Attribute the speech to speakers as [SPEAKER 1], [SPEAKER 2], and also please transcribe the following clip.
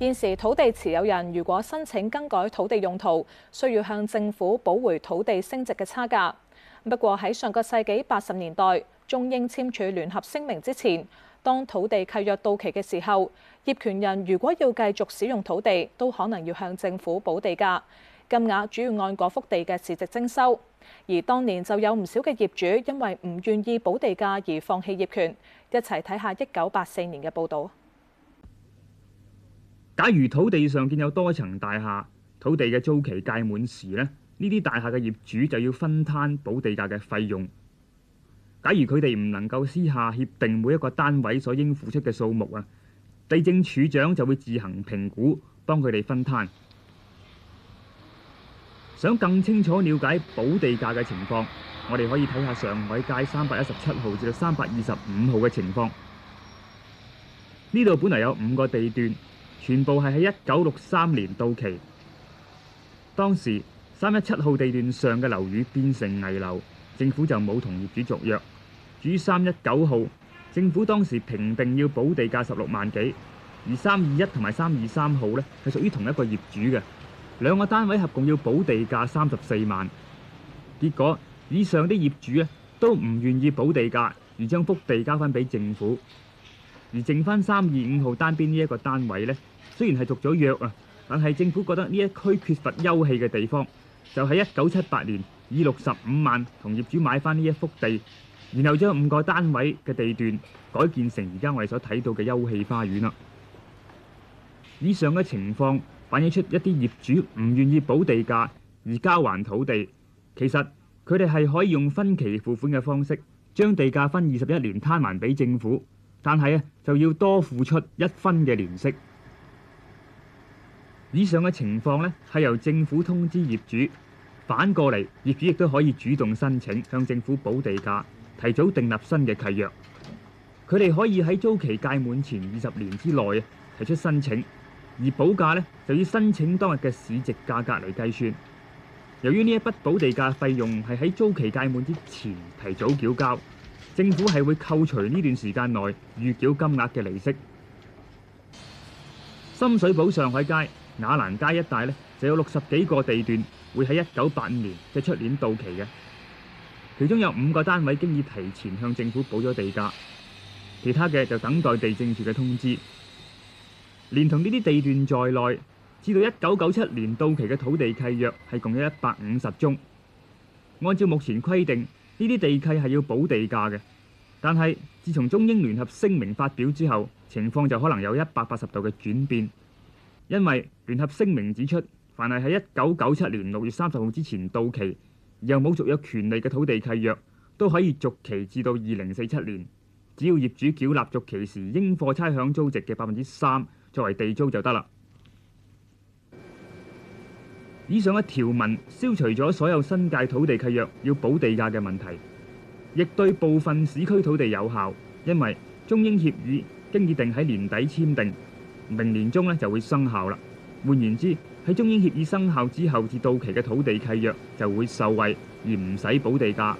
[SPEAKER 1] 現時土地持有人如果申請更改土地用途，需要向政府補回土地升值嘅差價。不過，喺上個世紀八十年代，中英簽署聯合聲明之前，當土地契約到期嘅時候，業權人如果要繼續使用土地，都可能要向政府補地價。金額主要按嗰幅地嘅市值徵收。而當年就有唔少嘅業主因為唔願意補地價而放棄業權。一齊睇下一九八四年嘅報道。
[SPEAKER 2] 假如土地上建有多層大廈，土地嘅租期屆滿時咧，呢啲大廈嘅業主就要分攤補地價嘅費用。假如佢哋唔能夠私下協定每一個單位所應付出嘅數目啊，地政署長就會自行評估，幫佢哋分攤。想更清楚了解補地價嘅情況，我哋可以睇下上海街三百一十七號至到三百二十五號嘅情況。呢度本嚟有五個地段。全部係喺一九六三年到期，當時三一七號地段上嘅樓宇變成危樓，政府就冇同業主續約。至於三一九號，政府當時評定要補地價十六萬幾，而三二一同埋三二三號呢係屬於同一個業主嘅兩個單位，合共要補地價三十四萬，結果以上啲業主呢都唔願意補地價，而將幅地交返俾政府，而剩返三二五號單邊呢一個單位呢。雖然係續咗約啊，但係政府覺得呢一區缺乏休憩嘅地方，就喺一九七八年以六十五萬同業主買翻呢一幅地，然後將五個單位嘅地段改建成而家我哋所睇到嘅休憩花園啦。以上嘅情況反映出一啲業主唔願意補地價而交還土地，其實佢哋係可以用分期付款嘅方式將地價分二十一年攤還俾政府，但係啊就要多付出一分嘅聯息。以上嘅情況呢，係由政府通知業主，反過嚟業主亦都可以主動申請向政府補地價，提早訂立新嘅契約。佢哋可以喺租期屆滿前二十年之內提出申請，而補價呢就以申請當日嘅市值價格嚟計算。由於呢一筆補地價費用係喺租期屆滿之前提早繳交，政府係會扣除呢段時間內預繳金額嘅利息。深水埗上海街、雅蘭街一帶咧就有六十幾個地段會喺一九八五年即出年到期嘅，其中有五個單位經已提前向政府補咗地價，其他嘅就等待地政處嘅通知。連同呢啲地段在內，至到一九九七年到期嘅土地契約係共有一百五十宗。按照目前規定，呢啲地契係要補地價嘅，但係自從中英聯合聲明發表之後，情況就可能有一百八十度嘅轉變。因為聯合聲明指出，凡係喺一九九七年六月三十號之前到期又冇續約權利嘅土地契約，都可以續期至到二零四七年，只要業主繳納續期時應課差餉租值嘅百分之三作為地租就得啦。以上一條文消除咗所有新界土地契約要補地價嘅問題，亦對部分市區土地有效，因為中英協議經已定喺年底簽訂。明年中呢就會生效啦。換言之，喺中英協議生效之後至到期嘅土地契約就會受惠，而唔使補地價。